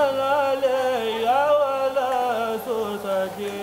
علي ولا تسجل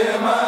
Fatima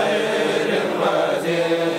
خير الوزير